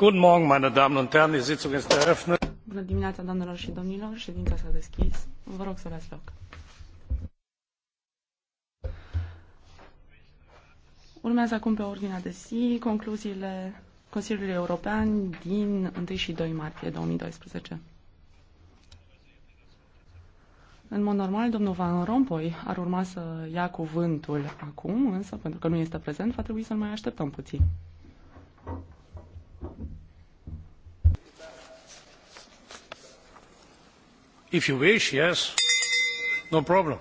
Bună dimineața, doamnelor și domnilor, ședința s-a deschis. Vă rog să luați loc. Urmează acum pe ordinea de zi concluziile Consiliului European din 1 și 2 martie 2012. În mod normal, domnul Van Rompuy ar urma să ia cuvântul acum, însă pentru că nu este prezent, va trebui să-l mai așteptăm puțin. If you wish, yes. No problem.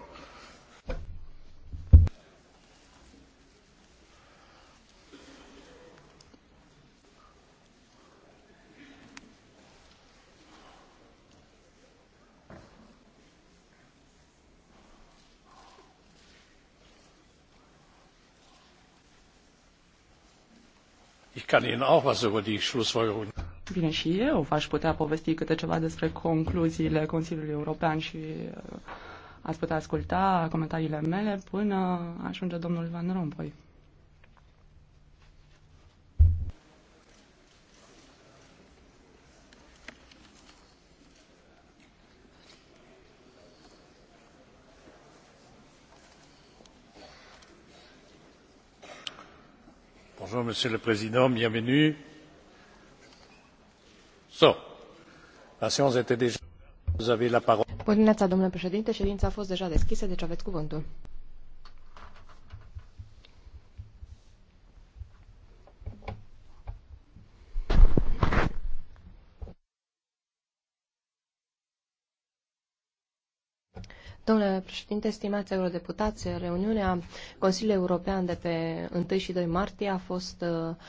ich kann ihnen auch etwas über die schlussfolgerungen bine, și eu v-aș putea povesti câte ceva despre concluziile Consiliului European și uh, ați putea asculta comentariile mele până ajunge domnul Van Rompuy. Bonjour, Monsieur le Président, bienvenue. So, la séance était déjà... la parole. Bună dimineața, domnule președinte. Ședința a fost deja deschisă, deci aveți cuvântul. Domnule președinte, stimați eurodeputați, reuniunea Consiliului European de pe 1 și 2 martie a fost uh,